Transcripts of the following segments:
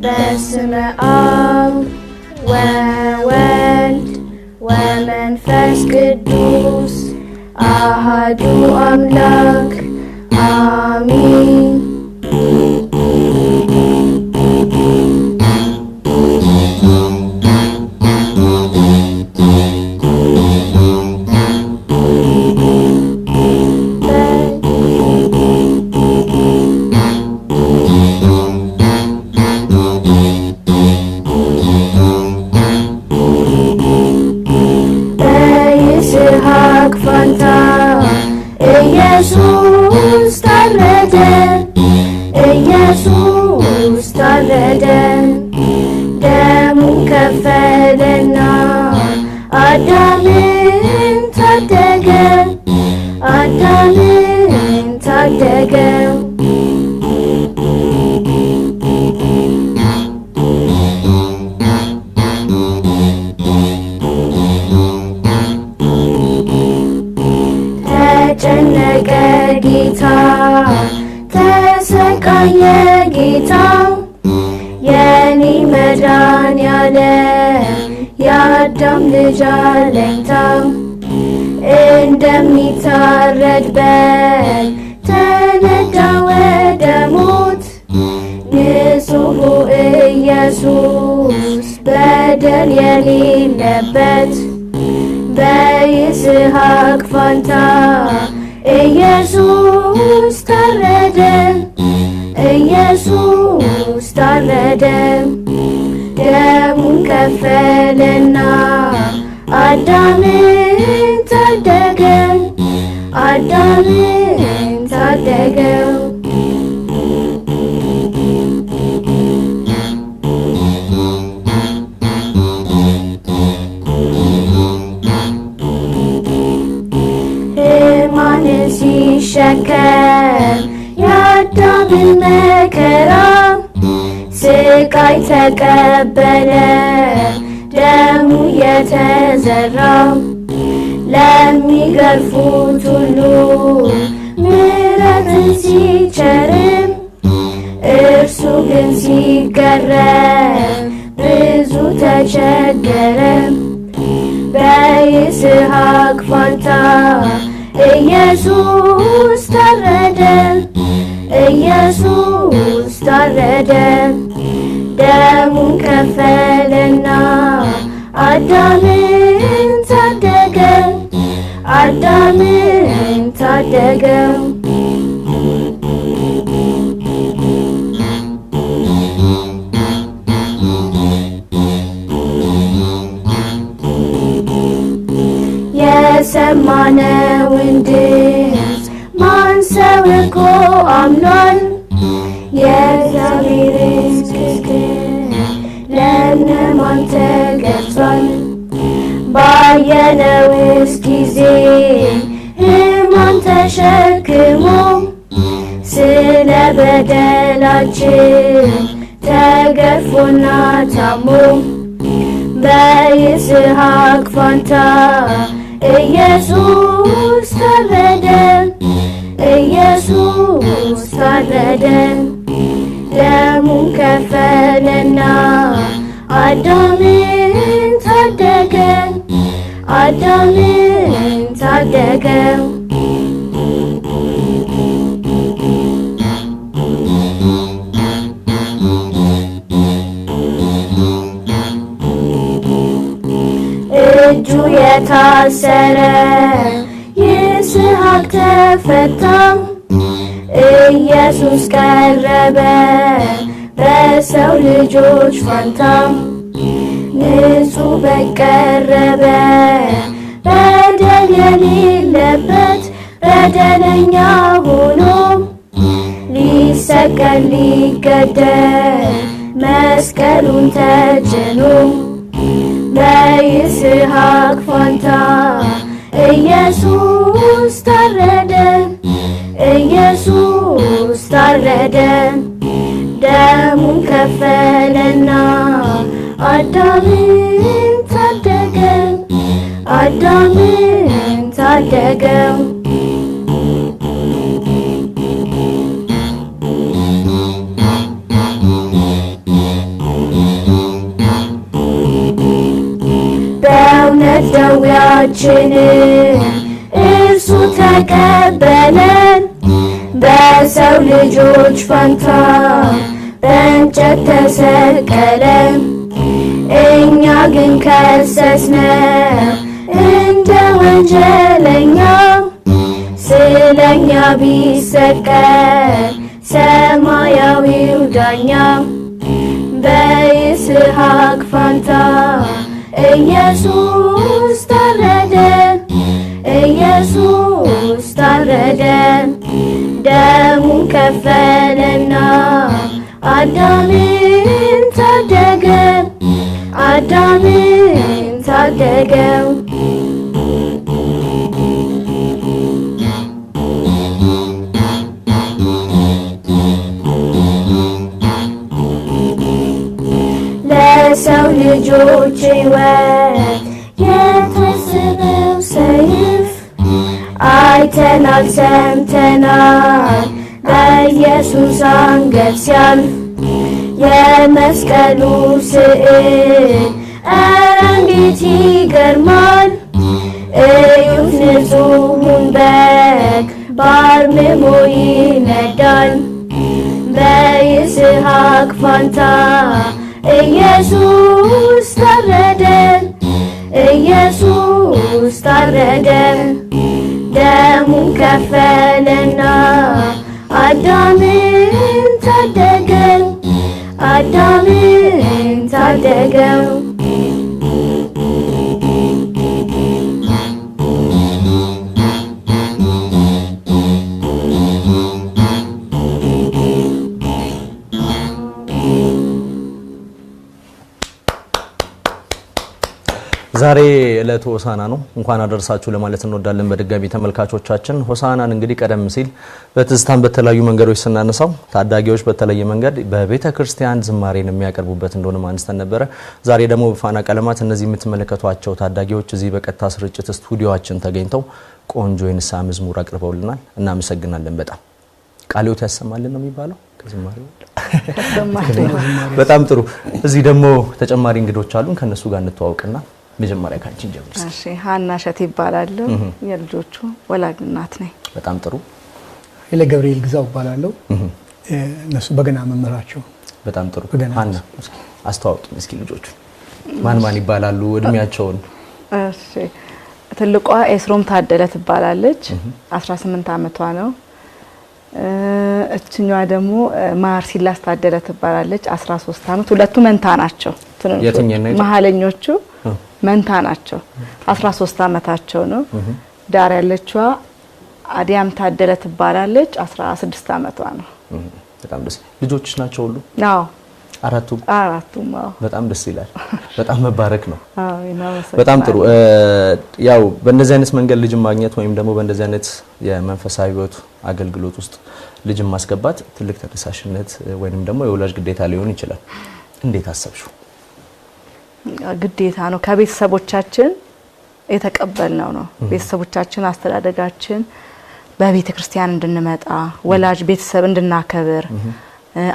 Best in all where went where men first could good news Ahadu amlak Amin ነውና አዳምን ታደገው አዳምን ታደገው ተጨነቀ ጌታ ተሰቃየ ሀብታም ልጅ አለኝታ እንደሚታረድ በግ ተነዳ ወደ ሞት ንጹሑ ኢየሱስ በደል የሌለበት በይስሐቅ ፋንታ ኢየሱስ ታረደ፣ ኢየሱስ ታረደ፣ ደሙን ከፈለና Adamın tadagel Adamın tadagel Emanesi şeker Yardımın mekera Sıkay tekebele የተዘራው ለሚገርፉት ሁሉ ምሕረትን ሲቸርም እርሱ ግን ሲገረም ብዙ ተቸገረም። በይስሐቅ ፋንታ ኢየሱስ ታረደ፣ ኢየሱስ ታረደ፣ ደሙን ከፈለና Adamin tadegem Adamin tadegem Man windis, man se wiko am non, yes, I'm eating. ደርሷል ባየነውስ ጊዜ ሕማም ተሸክሞ ስለ በደላችን ተገርፎና ታሞ በይስሐቅ ፋንታ ኢየሱስ ታረደን፣ ኢየሱስ ታረደን። ደሙን ከፈለና አዳምን Adamın tadege Adamın tadege Cüye tasere Yesu hak E Yesus kerebe Ve sevli cuç fantam በቀረበ በደል የሌለበት በደለኛ ሆኖ ሊሰቀል ሊገደል መስቀሉን ተጭኖ በይስሐቅ ፋንታ ኢየሱስ ታረደን፣ ኢየሱስ ታረደን፣ ደሙን ከፈለና Adalin tadegem, adalin tadegem. Belnetta we are chinning, is who take a belen. There's only George Fanta, then check the second. እኛ ግን ከሰስነ እንደ ወንጀለኛ ስለኛ ቢሰቀል ሰማያዊው ዳኛ በይስሐቅ ፋንታ ኢየሱስ ታረደ ኢየሱስ ታረደን፣ ደሙን ከፈለና አዳምን Adamim tadegel Lesel de George West Yet I tenar Da Jesus የመስቀሉ ስዕል ኧረ እንዴት ይገርማል! እዩት ንጹሑን በግ በአርምሞ ይነዳል። በይስሐቅ ፋንታ ኢየሱስ ታረደን፣ ኢየሱስ ታረደን። ደሙን ከፈለና አዳምን ታደ አዳምን ታደገው። ዛሬ ዕለቱ ሆሳና ነው። እንኳን አደረሳችሁ ለማለት እንወዳለን በድጋሚ ተመልካቾቻችን። ሆሳናን እንግዲህ ቀደም ሲል በትዝታን በተለያዩ መንገዶች ስናነሳው ታዳጊዎች በተለየ መንገድ በቤተ ክርስቲያን ዝማሬን የሚያቀርቡበት እንደሆነ አንስተን ነበረ። ዛሬ ደግሞ በፋና ቀለማት እነዚህ የምትመለከቷቸው ታዳጊዎች እዚህ በቀጥታ ስርጭት ስቱዲዮችን ተገኝተው ቆንጆ የንስሐ መዝሙር አቅርበውልናል። እናመሰግናለን። በጣም ቃልዮት ያሰማልን ነው የሚባለው በጣም ጥሩ። እዚህ ደግሞ ተጨማሪ እንግዶች አሉን። ከእነሱ ጋር እንተዋውቅና መጀመሪያ ካንቺን ጀምር። እሺ ሀና ሸት ይባላለሁ። የልጆቹ ወላጅ እናት ነኝ። በጣም ጥሩ። ኃይለ ገብርኤል ግዛው እባላለሁ። እነሱ በገና መምህራቸው። በጣም ጥሩ። ሀና አስተዋውቂ እስኪ ልጆቹ ማን ማን ይባላሉ? እድሜያቸውን። እሺ ትልቋ ኤስሮም ታደለ ትባላለች። 18 አመቷ ነው። እችኛዋ ደግሞ ማር ሲላስ ታደለ ትባላለች። 13 አመት። ሁለቱ መንታ ናቸው። የትኛው ነው? መሀለኞቹ መንታ ናቸው። 13 አመታቸው ነው። ዳር ያለችዋ አዲያም ታደለ ትባላለች። 16 ዓመቷ ነው። በጣም ደስ ልጆች ናቸው ሁሉ። አዎ አራቱ አራቱ። በጣም ደስ ይላል። በጣም መባረክ ነው። በጣም ጥሩ። ያው በእንደዚህ አይነት መንገድ ልጅ ማግኘት ወይም ደግሞ በእንደዚህ አይነት የመንፈሳዊ ህይወት አገልግሎት ውስጥ ልጅ ማስገባት ትልቅ ተነሳሽነት ወይንም ደግሞ የወላጅ ግዴታ ሊሆን ይችላል። እንዴት አሰብሽው? ግዴታ ነው። ከቤተሰቦቻችን የተቀበልነው ነው። ቤተሰቦቻችን አስተዳደጋችን በቤተ ክርስቲያን እንድንመጣ ወላጅ ቤተሰብ እንድናከብር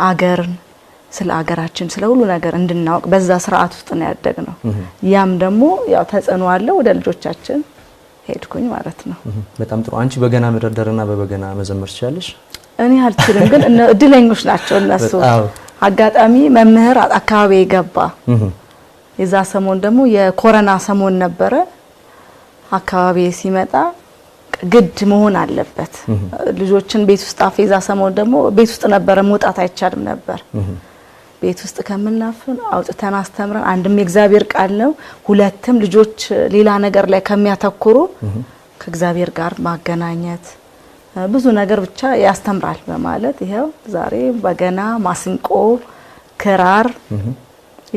አገርን ስለ አገራችን ስለ ሁሉ ነገር እንድናውቅ በዛ ስርዓት ውስጥ ነው ነው። ያም ደግሞ ያው ተጽዕኖ አለ ወደ ልጆቻችን ሄድኩኝ ማለት ነው። በጣም ጥሩ። አንቺ በገና መደርደርና በበገና መዘመር ትችላለሽ? እኔ አልችልም፣ ግን እድለኞች ናቸው እነሱ። አጋጣሚ መምህር አካባቢ የገባ የዛ ሰሞን ደግሞ የኮረና ሰሞን ነበረ። አካባቢ ሲመጣ ግድ መሆን አለበት ልጆችን ቤት ውስጥ አፍ የዛ ሰሞን ደግሞ ቤት ውስጥ ነበረ፣ መውጣት አይቻልም ነበር። ቤት ውስጥ ከምናፍን አውጥተን አስተምረን፣ አንድም የእግዚአብሔር ቃል ነው፣ ሁለትም ልጆች ሌላ ነገር ላይ ከሚያተኩሩ ከእግዚአብሔር ጋር ማገናኘት ብዙ ነገር ብቻ ያስተምራል በማለት ይኸው ዛሬ በገና፣ ማስንቆ፣ ክራር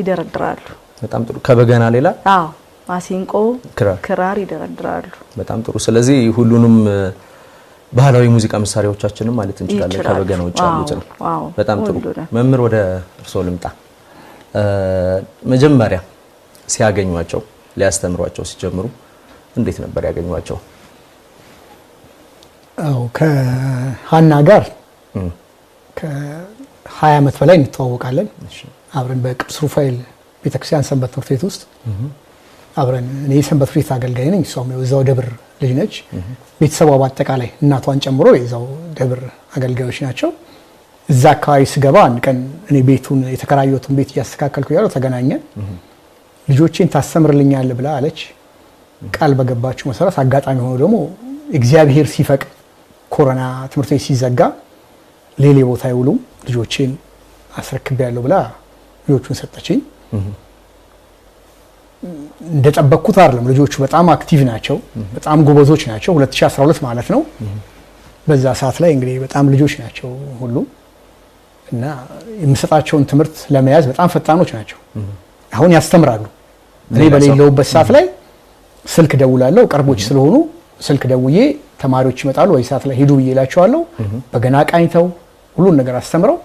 ይደረድራሉ። በጣም ጥሩ። ከበገና ሌላ? አዎ፣ ማሲንቆ፣ ክራር ይደረድራሉ። በጣም ጥሩ። ስለዚህ ሁሉንም ባህላዊ ሙዚቃ መሳሪያዎቻችንን ማለት እንችላለን ከበገና ውጭ ያሉትን። በጣም ጥሩ። መምህር ወደ እርስዎ ልምጣ። መጀመሪያ ሲያገኟቸው ሊያስተምሯቸው ሲጀምሩ እንዴት ነበር ያገኟቸው? አዎ ከሀና ጋር ከ20 ዓመት በላይ እንተዋወቃለን። አብረን በቅዱስ ሩፋኤል ቤተክርስቲያን ሰንበት ትምህርት ቤት ውስጥ አብረን እኔ የሰንበት ቤት አገልጋይ ነኝ። እሷም እዛው ደብር ልጅ ነች። ቤተሰቧ በአጠቃላይ እናቷን ጨምሮ የዛው ደብር አገልጋዮች ናቸው። እዛ አካባቢ ስገባ አንድ ቀን እኔ ቤቱን የተከራየሁትን ቤት እያስተካከልኩ ያለው ተገናኘን። ልጆቼን ታስተምርልኛል ብላ አለች። ቃል በገባችሁ መሰረት አጋጣሚ ሆኖ ደግሞ እግዚአብሔር ሲፈቅ ኮሮና ትምህርት ቤት ሲዘጋ ሌሌ ቦታ አይውሉም ልጆቼን አስረክቤያለሁ ብላ ልጆቹን ሰጠችኝ። እንደጠበቅኩት አይደለም። ልጆቹ በጣም አክቲቭ ናቸው፣ በጣም ጎበዞች ናቸው። 2012 ማለት ነው። በዛ ሰዓት ላይ እንግዲህ በጣም ልጆች ናቸው ሁሉም እና የምሰጣቸውን ትምህርት ለመያዝ በጣም ፈጣኖች ናቸው። አሁን ያስተምራሉ። እኔ በሌለውበት ሰዓት ላይ ስልክ ደውላለሁ። ቅርቦች ስለሆኑ ስልክ ደውዬ ተማሪዎች ይመጣሉ ወይ ሰዓት ላይ ሄዱ ብዬ እላቸዋለሁ። በገና ቃኝተው ሁሉን ነገር አስተምረው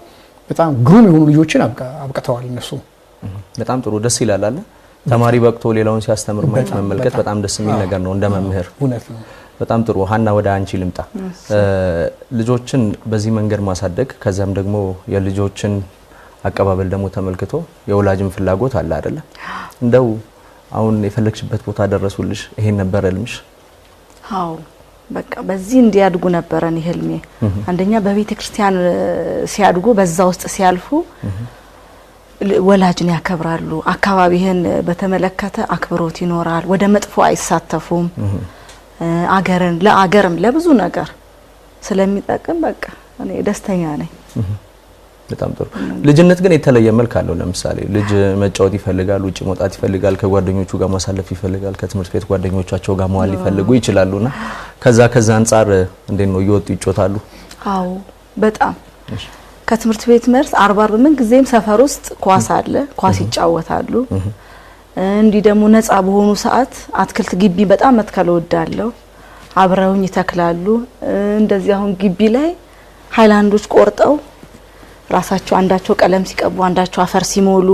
በጣም ግሩም የሆኑ ልጆችን አብቅተዋል እነሱ በጣም ጥሩ ደስ ይላል አለ ተማሪ በቅቶ ሌላውን ሲያስተምር ማየት መመልከት በጣም ደስ የሚል ነገር ነው እንደ መምህር። በጣም ጥሩ ሀና፣ ወደ አንቺ ልምጣ። ልጆችን በዚህ መንገድ ማሳደግ ከዚያም ደግሞ የልጆችን አቀባበል ደግሞ ተመልክቶ የወላጅም ፍላጎት አለ አይደለ? እንደው አሁን የፈለግሽበት ቦታ ደረሱልሽ፣ ይሄን ነበረ ህልምሽ? አዎ በቃ በዚህ እንዲያድጉ ነበረ እኔ አንደኛ በቤተ ክርስቲያን ሲያድጉ በዛ ውስጥ ሲያልፉ ወላጅን ያከብራሉ። አካባቢህን በተመለከተ አክብሮት ይኖራል። ወደ መጥፎ አይሳተፉም። አገርን ለአገርም ለብዙ ነገር ስለሚጠቅም በቃ እኔ ደስተኛ ነኝ። በጣም ጥሩ። ልጅነት ግን የተለየ መልክ አለው። ለምሳሌ ልጅ መጫወት ይፈልጋል፣ ውጭ መውጣት ይፈልጋል፣ ከጓደኞቹ ጋር ማሳለፍ ይፈልጋል፣ ከትምህርት ቤት ጓደኞቻቸው ጋር መዋል ሊፈልጉ ና ከዛ ከዛ አንጻር እንዴት ነው እየወጡ ይጮታሉ? አዎ በጣም ከትምህርት ቤት መልስ አርባ አርብ ምን ጊዜም ሰፈር ውስጥ ኳስ አለ፣ ኳስ ይጫወታሉ። እንዲህ ደግሞ ነፃ በሆኑ ሰዓት አትክልት ግቢ በጣም መትከል እወዳለሁ። አብረውኝ ይተክላሉ። እንደዚህ አሁን ግቢ ላይ ሀይላንዶች ቆርጠው ራሳቸው አንዳቸው ቀለም ሲቀቡ፣ አንዳቸው አፈር ሲሞሉ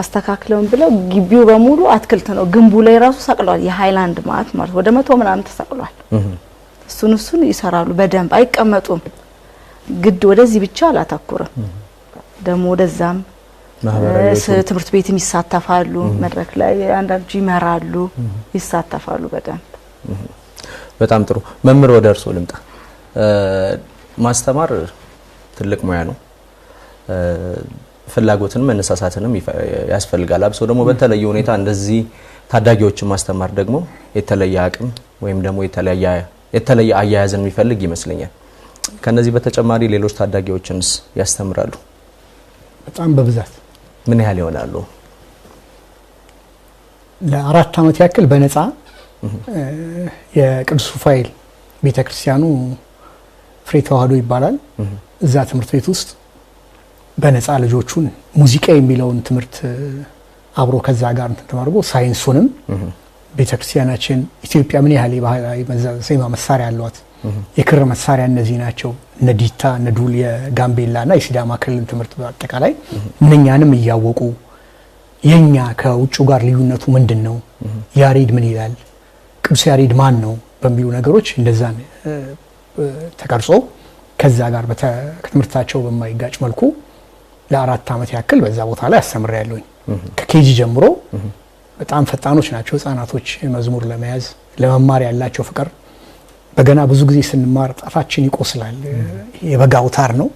አስተካክለውን ብለው ግቢው በሙሉ አትክልት ነው። ግንቡ ላይ ራሱ ሰቅሏል። የሀይላንድ ማት ማለት ወደ መቶ ምናምን ተሰቅሏል። እሱን እሱን ይሰራሉ። በደንብ አይቀመጡም። ግድ ወደዚህ ብቻ አላተኩርም። ደግሞ ወደዛም ትምህርት ቤትም ይሳተፋሉ። መድረክ ላይ አንዳንዱ ይመራሉ፣ ይሳተፋሉ በደንብ። በጣም ጥሩ መምህር፣ ወደ እርስዎ ልምጣ። ማስተማር ትልቅ ሙያ ነው። ፍላጎትንም መነሳሳትንም ያስፈልጋል። አብሶ ደግሞ በተለየ ሁኔታ እንደዚህ ታዳጊዎችን ማስተማር ደግሞ የተለየ አቅም ወይም ደግሞ የተለየ አያያዝን የሚፈልግ ይመስለኛል። ከነዚህ በተጨማሪ ሌሎች ታዳጊዎችንስ ያስተምራሉ? በጣም በብዛት ምን ያህል ይሆናሉ? ለአራት ዓመት ያክል በነፃ የቅዱስ ፋይል ቤተ ክርስቲያኑ ፍሬ ተዋህዶ ይባላል። እዛ ትምህርት ቤት ውስጥ በነፃ ልጆቹን ሙዚቃ የሚለውን ትምህርት አብሮ ከዛ ጋር ተማርጎ ሳይንሱንም ቤተ ክርስቲያናችን ኢትዮጵያ ምን ያህል የባህላዊ ዜማ መሳሪያ አለዋት የክር መሳሪያ እነዚህ ናቸው። እነ ዲታ፣ እነ ዱል የጋምቤላ እና የሲዳማ ክልል ትምህርት በአጠቃላይ እነኛንም እያወቁ የእኛ ከውጭ ጋር ልዩነቱ ምንድን ነው፣ ያሬድ ምን ይላል፣ ቅዱስ ያሬድ ማን ነው በሚሉ ነገሮች እንደዛን ተቀርጾ ከዛ ጋር ከትምህርታቸው በማይጋጭ መልኩ ለአራት ዓመት ያክል በዛ ቦታ ላይ አስተምር ያለውኝ ከኬጂ ጀምሮ በጣም ፈጣኖች ናቸው ህጻናቶች መዝሙር ለመያዝ ለመማር ያላቸው ፍቅር በገና ብዙ ጊዜ ስንማር ጣታችን ይቆስላል። የበጋ አውታር ነው።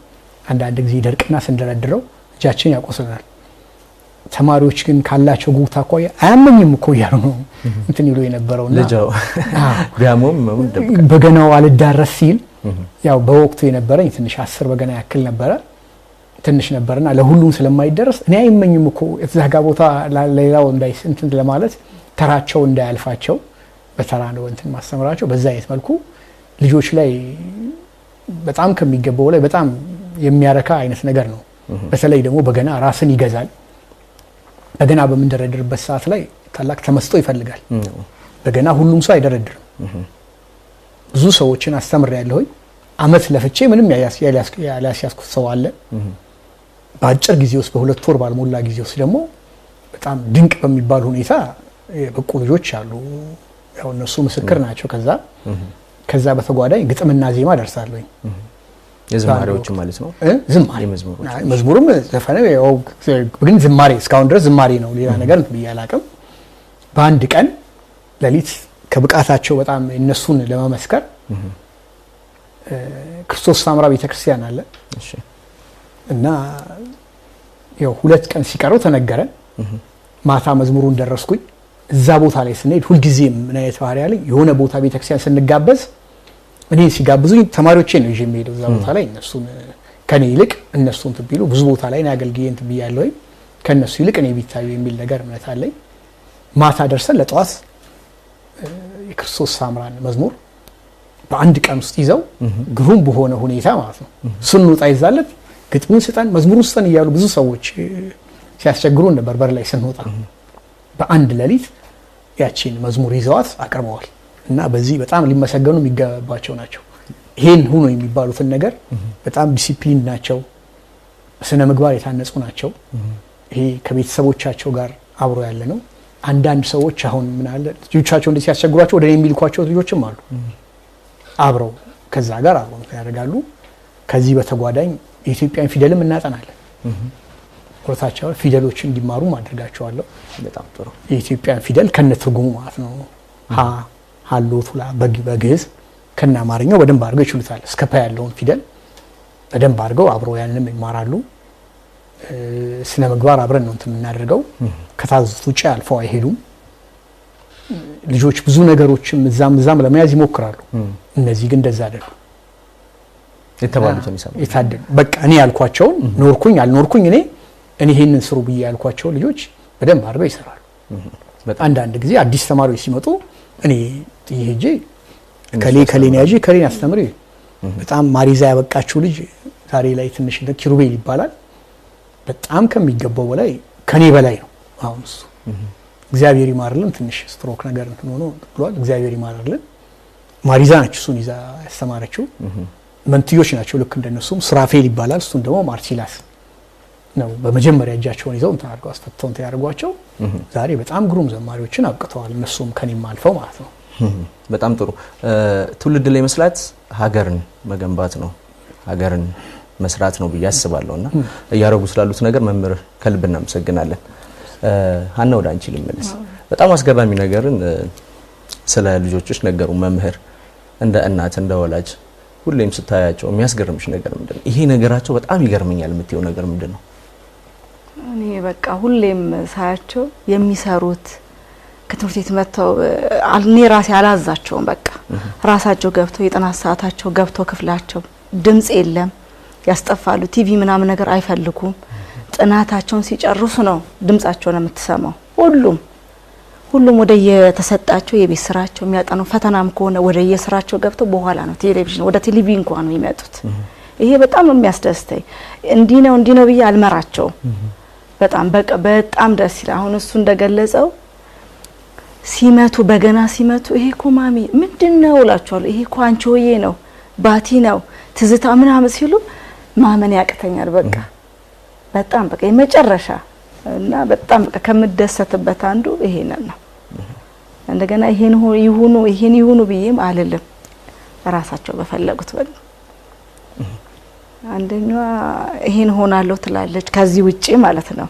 አንዳንድ ጊዜ ደርቅና ስንደረድረው እጃችን ያቆስላል። ተማሪዎች ግን ካላቸው ጉጉት አኳያ አያመኝም እኮ እያሉ ነው እንትን ይሉ የነበረው በገናው አልዳረስ ሲል ያው በወቅቱ የነበረኝ ትንሽ አስር በገና ያክል ነበረ ትንሽ ነበርና ለሁሉም ስለማይደረስ እኔ አይመኝም እኮ የተዛጋ ቦታ ሌላው እንትን ለማለት ተራቸው እንዳያልፋቸው በተራ ነው እንትን ማስተምራቸው። በዛ አይነት መልኩ ልጆች ላይ በጣም ከሚገባው ላይ በጣም የሚያረካ አይነት ነገር ነው። በተለይ ደግሞ በገና ራስን ይገዛል። በገና በምንደረድርበት ሰዓት ላይ ታላቅ ተመስጦ ይፈልጋል። በገና ሁሉም ሰው አይደረድርም። ብዙ ሰዎችን አስተምር ያለሁኝ አመት ለፍቼ ምንም ያልያስያዝኩት ሰው አለ። በአጭር ጊዜ ውስጥ በሁለት ወር ባልሞላ ጊዜ ውስጥ ደግሞ በጣም ድንቅ በሚባል ሁኔታ የበቁ ልጆች አሉ። ያው እነሱ ምስክር ናቸው። ከዛ ከዛ በተጓዳኝ ግጥምና ዜማ ደርሳለኝ የዝማሬዎቹ ማለት ነው። ዝማሬ መዝሙሩም ዘፈነ ግን ዝማሬ እስካሁን ድረስ ዝማሬ ነው። ሌላ ነገር ብዬ በአንድ ቀን ለሊት ከብቃታቸው በጣም እነሱን ለመመስከር ክርስቶስ ሳምራ ቤተክርስቲያን አለ እና ያው ሁለት ቀን ሲቀረው ተነገረን። ማታ መዝሙሩን ደረስኩኝ። እዛ ቦታ ላይ ስንሄድ ሁልጊዜም ምን አይነት ባህሪ ያለኝ የሆነ ቦታ ቤተክርስቲያን ስንጋበዝ እኔ ሲጋብዙኝ ተማሪዎቼ ነው ይዤ የሚሄደው እዛ ቦታ ላይ እነሱን ከኔ ይልቅ እነሱን ትቢሉ ብዙ ቦታ ላይ አገልግዬ እንትን ወይም ከእነሱ ይልቅ እኔ ቢታዩ የሚል ነገር እምነት አለኝ። ማታ ደርሰን ለጠዋት የክርስቶስ ሳምራን መዝሙር በአንድ ቀን ውስጥ ይዘው ግሩም በሆነ ሁኔታ ማለት ነው ስንወጣ ይዛለት ግጥሙን ስጠን መዝሙሩን ስጠን እያሉ ብዙ ሰዎች ሲያስቸግሩን ነበር። በር ላይ ስንወጣ በአንድ ሌሊት ያቺን መዝሙር ይዘዋት አቅርበዋል እና በዚህ በጣም ሊመሰገኑ የሚገባቸው ናቸው። ይህን ሁኖ የሚባሉትን ነገር በጣም ዲሲፕሊን ናቸው፣ ስነ ምግባር የታነጹ ናቸው። ይሄ ከቤተሰቦቻቸው ጋር አብሮ ያለ ነው። አንዳንድ ሰዎች አሁን ምናለ ልጆቻቸው እንደ ሲያስቸግሯቸው ወደ የሚልኳቸው ልጆችም አሉ። አብረው ከዛ ጋር አብሮ ያደርጋሉ። ከዚህ በተጓዳኝ የኢትዮጵያን ፊደልም እናጠናለን። ትኩረታቸውን ፊደሎች እንዲማሩ ማድረጋቸዋለሁ። በጣም ጥሩ። የኢትዮጵያን ፊደል ከነ ትርጉሙ ማለት ነው። ሀ ሀሎ ቱላ በግዕዝ ከነ አማርኛው በደንብ አድርገው ይችሉታል። እስከ ፐ ያለውን ፊደል በደንብ አድርገው አብረው ያንንም ይማራሉ። ስነ ምግባር አብረን ነው እንትን የምናደርገው። ከታዘዙት ውጭ አልፈው አይሄዱም። ልጆች ብዙ ነገሮችም እዛም እዛም ለመያዝ ይሞክራሉ። እነዚህ ግን እንደዛ አይደሉም። የተባሉትን ይሰማል። የታደሉ በቃ እኔ ያልኳቸውን ኖርኩኝ አልኖርኩኝ እኔ እኔ ይሄንን ስሩ ብዬ ያልኳቸው ልጆች በደንብ አድርገው ይሰራሉ። አንዳንድ ጊዜ አዲስ ተማሪዎች ሲመጡ እኔ ጥዬ ሄጄ ከሌ ከሌን ያዥ ከሌን አስተምሪ። በጣም ማሪዛ ያበቃችው ልጅ ዛሬ ላይ ትንሽ ኪሩቤል ይባላል። በጣም ከሚገባው በላይ ከኔ በላይ ነው። አሁን እሱ እግዚአብሔር ይማርልን ትንሽ ስትሮክ ነገር እንትን ሆኖ ብሏል። እግዚአብሔር ይማርልን። ማሪዛ ነች እሱን ይዛ ያስተማረችው። መንትዮች ናቸው ልክ እንደነሱም ስራፌል ይባላል። እሱን ደግሞ ማርሲላስ ነው በመጀመሪያ እጃቸውን ይዘው እንትን አድርገው አስፈትተው እንትን ያደርጓቸው። ዛሬ በጣም ግሩም ዘማሪዎችን አብቅተዋል። እነሱም ከኔም አልፈው ማለት ነው። በጣም ጥሩ ትውልድ ላይ መስራት ሀገርን መገንባት ነው፣ ሀገርን መስራት ነው ብዬ አስባለሁ እና እያደረጉ ስላሉት ነገር መምህር ከልብ እናመሰግናለን። ሀና ወደ አንቺ ልመልስ በጣም አስገራሚ ነገርን ስለ ልጆችሽ ነገሩ መምህር እንደ እናት እንደ ወላጅ ሁሌም ስታያቸው የሚያስገርምሽ ነገር ምንድን ነው? ይሄ ነገራቸው በጣም ይገርመኛል የምትየው ነገር ምንድን ነው? እኔ በቃ ሁሌም ሳያቸው የሚሰሩት ከትምህርት ቤት መጥተው እኔ ራሴ አላዛቸውም። በቃ ራሳቸው ገብተው የጥናት ሰዓታቸው ገብተው ክፍላቸው ድምጽ የለም ያስጠፋሉ። ቲቪ ምናምን ነገር አይፈልጉም። ጥናታቸውን ሲጨርሱ ነው ድምጻቸውን የምትሰማው። ሁሉም ሁሉም ወደ የተሰጣቸው የቤት ስራቸው የሚያጠኑ ፈተናም ከሆነ ወደ የስራቸው ገብተው በኋላ ነው ቴሌቪዥን ወደ ቴሌቪዥን እንኳን ነው የሚመጡት። ይሄ በጣም የሚያስደስተኝ እንዲህ ነው እንዲህ ነው ብዬ አልመራቸውም። በጣም በጣም ደስ ይላል። አሁን እሱ እንደገለጸው ሲመቱ በገና ሲመቱ ይሄ እኮ ማሚ ምንድን ነው ይሄ እኮ አንቺሆዬ ነው፣ ባቲ ነው፣ ትዝታ ምናምን ሲሉ ማመን ያቅተኛል። በቃ በጣም በቃ የመጨረሻ እና በጣም በቃ ከምደሰትበት አንዱ ይሄንን ነው። እንደገና ይሄን ይሁኑ ይሄን ይሁኑ ብዬም አልልም። ራሳቸው በፈለጉት በቃ አንደኛዋ ይሄን ሆናለሁ ትላለች። ከዚህ ውጪ ማለት ነው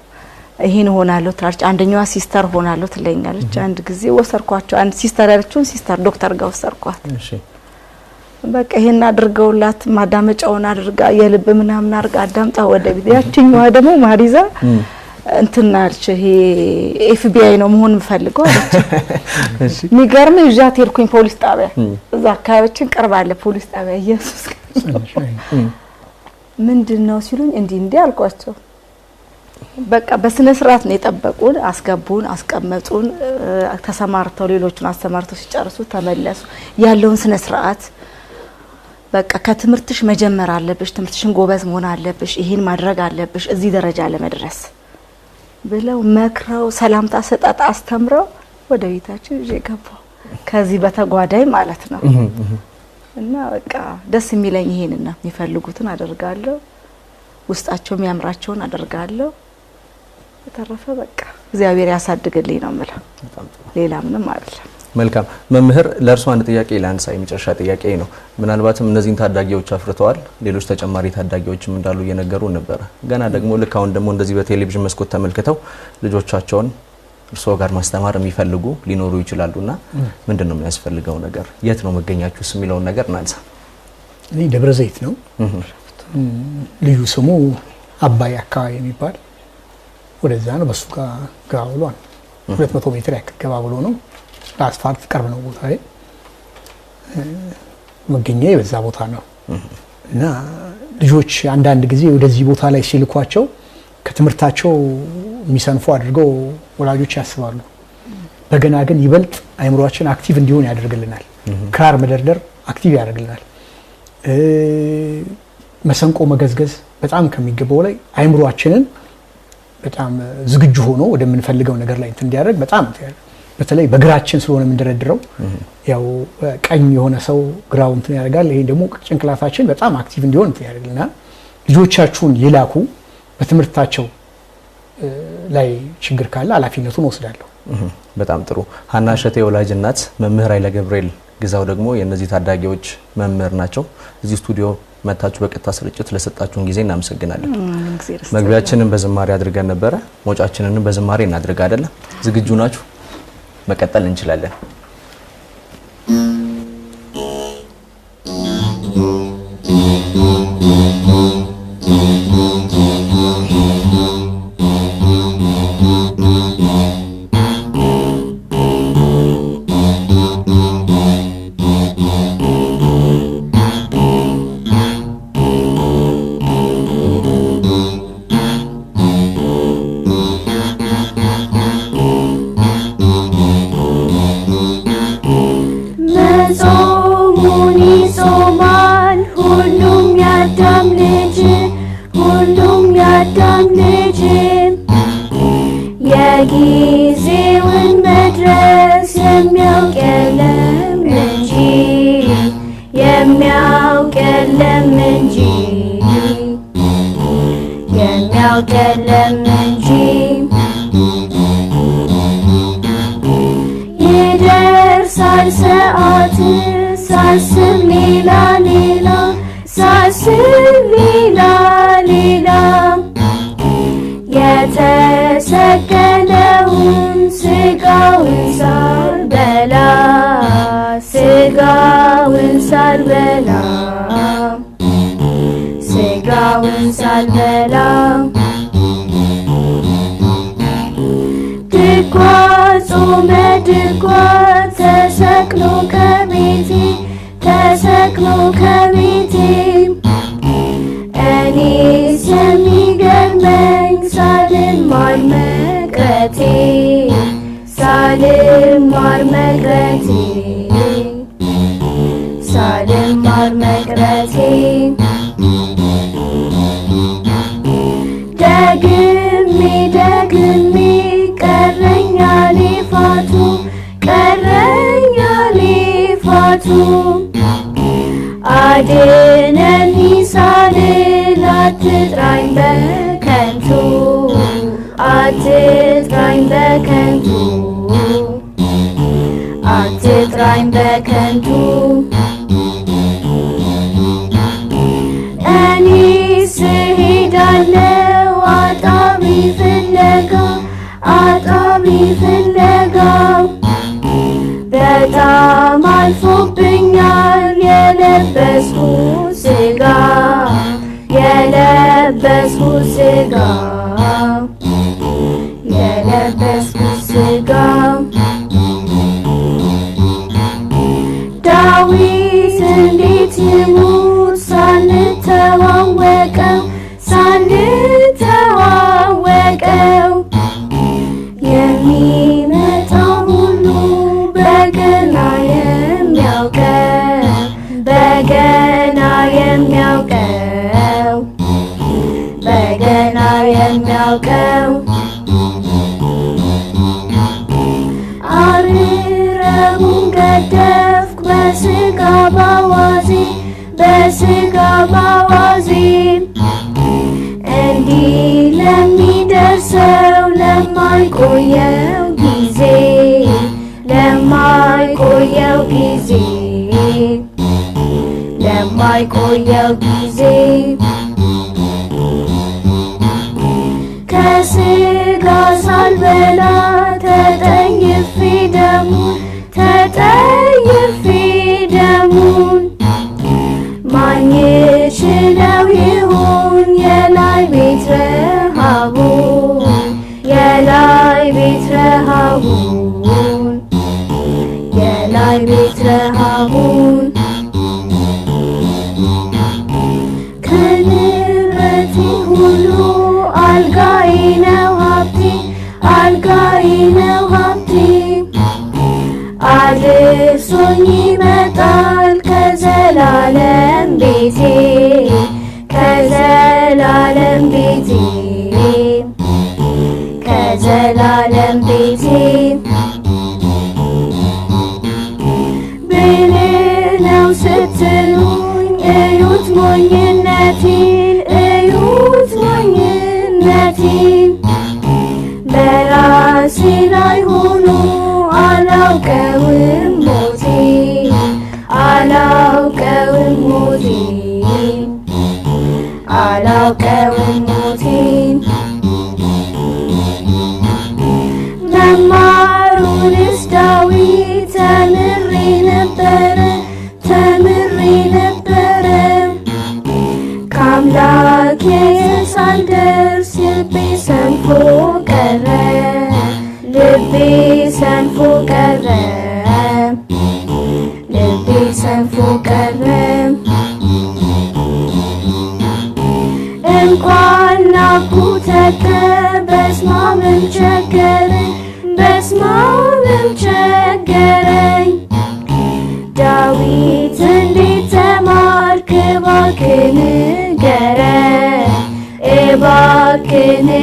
ይሄን ሆናለሁ ትላለች። አንደኛዋ ሲስተር ሆናለሁ ትለኛለች። አንድ ጊዜ ወሰርኳቸው። አንድ ሲስተር ያለችውን ሲስተር ዶክተር ጋር ወሰርኳት። በቃ ይሄን አድርገውላት ማዳመጫውን አድርጋ የልብ ምናምን አድርጋ አዳምጣ ወደ ቤት። ያችኛዋ ደግሞ ማሪዛ እንትና እንትናልች ይሄ ኤፍቢአይ ነው መሆን የምፈልገው አለች። የሚገርም ይዣት ሄድኩኝ ፖሊስ ጣቢያ። እዛ አካባቢያችን ቅርብ አለ ፖሊስ ጣቢያ ኢየሱስ ክርስቶስ ምንድን ነው ሲሉኝ እንዲህ እንዲህ አልኳቸው። በቃ በስነ ስርዓት ነው የጠበቁን። አስገቡን፣ አስቀመጡን። ተሰማርተው ሌሎቹን አስተማርተው ሲጨርሱ ተመለሱ። ያለውን ስነ ስርዓት በቃ ከትምህርትሽ መጀመር አለብሽ፣ ትምህርትሽን ጎበዝ መሆን አለብሽ፣ ይሄን ማድረግ አለብሽ እዚህ ደረጃ ለመድረስ ብለው መክረው ሰላምታ ሰጣጣ አስተምረው ወደ ቤታችን ይዤ ገባሁ። ከዚህ በተጓዳኝ ማለት ነው እና በቃ ደስ የሚለኝ ይሄን ነው። የሚፈልጉትን አደርጋለሁ፣ ውስጣቸው የሚያምራቸውን አደርጋለሁ። በተረፈ በቃ እግዚአብሔር ያሳድግልኝ ነው የምለው፣ ሌላ ምንም አይደለም። መልካም መምህር፣ ለእርሱ አንድ ጥያቄ ለአንሳ የመጨረሻ ጥያቄ ነው። ምናልባትም እነዚህን ታዳጊዎች አፍርተዋል፣ ሌሎች ተጨማሪ ታዳጊዎችም እንዳሉ እየነገሩ ነበረ። ገና ደግሞ ልክ አሁን ደግሞ እንደዚህ በቴሌቪዥን መስኮት ተመልክተው ልጆቻቸውን እርስዎ ጋር ማስተማር የሚፈልጉ ሊኖሩ ይችላሉና ምንድን ነው የሚያስፈልገው ነገር፣ የት ነው መገኛችሁስ የሚለውን ነገር እናንሳ። እኔ ደብረ ዘይት ነው ልዩ ስሙ አባይ አካባቢ የሚባል ወደዛ ነው። በሱ ጋር ገባ ብሏል። ሁለት መቶ ሜትር ያክል ገባ ብሎ ነው። ለአስፋልት ቅርብ ነው ቦታ ላይ መገኛ የበዛ ቦታ ነው እና ልጆች አንዳንድ ጊዜ ወደዚህ ቦታ ላይ ሲልኳቸው ከትምህርታቸው የሚሰንፉ አድርገው ወላጆች ያስባሉ። በገና ግን ይበልጥ አእምሯችን አክቲቭ እንዲሆን ያደርግልናል። ክራር መደርደር አክቲቭ ያደርግልናል። መሰንቆ መገዝገዝ በጣም ከሚገባው ላይ አእምሯችንን በጣም ዝግጁ ሆኖ ወደምንፈልገው ነገር ላይ እንትን እንዲያደርግ በጣም በተለይ በግራችን ስለሆነ የምንደረድረው ያው ቀኝ የሆነ ሰው ግራው እንትን ያደርጋል። ይሄ ደግሞ ጭንቅላታችን በጣም አክቲቭ እንዲሆን እንትን ያደርግልናል። ልጆቻችሁን ይላኩ በትምህርታቸው ላይ ችግር ካለ ኃላፊነቱን ወስዳለሁ። በጣም ጥሩ። ሀና እሸቴ የወላጅ እናት፣ መምህር ኃይለ ገብርኤል ግዛው ደግሞ የእነዚህ ታዳጊዎች መምህር ናቸው። እዚህ ስቱዲዮ መታችሁ በቀጥታ ስርጭት ለሰጣችሁን ጊዜ እናመሰግናለን። መግቢያችንን በዝማሬ አድርገን ነበረ፣ መውጫችንንም በዝማሬ እናድርግ አይደለም። ዝግጁ ናችሁ? መቀጠል እንችላለን። ሳልበላ ስጋውን ሳልበላ ድጓ ጾመ ድጓ ተሰቅሎ ከቤቴ ተሰቅሎ ከቤቴ እኔ ሳልን ሳልማር መቅረቴ ሳልማር መቅረቴ melting. Dagumi, dagumi, karanyali fatu, karanyali fatu. Adenen hisane latitrein bekentu, atitrein bekentu, atitrein bekentu. ነው አጣሚ ፍለጋ አጣሚ ፍለጋ በጣም አልፎብኛል የለበስኩት ስጋ የለበስኩት ስጋ የለበስኩት ስጋ በገና የሚያውቀው በገና የሚያውቀው አርረቡን ገደፍኩ በስጋ ባዋዜ በስጋ ባዋዜ እንዲህ ለሚደርሰው ለማይቆየው ጊዜ ለማይቆየው ጊዜ ላይ ጊዜ ከስጋ ሳልበላ ተጠይፌ ደግሞ ተጠይ እርሱኝ ይመጣል ከዘላለም ቤቴ ከዘላለም ቤቴ ከዘላለም ቤቴ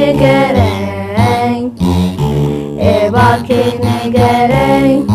gerek E bak gerek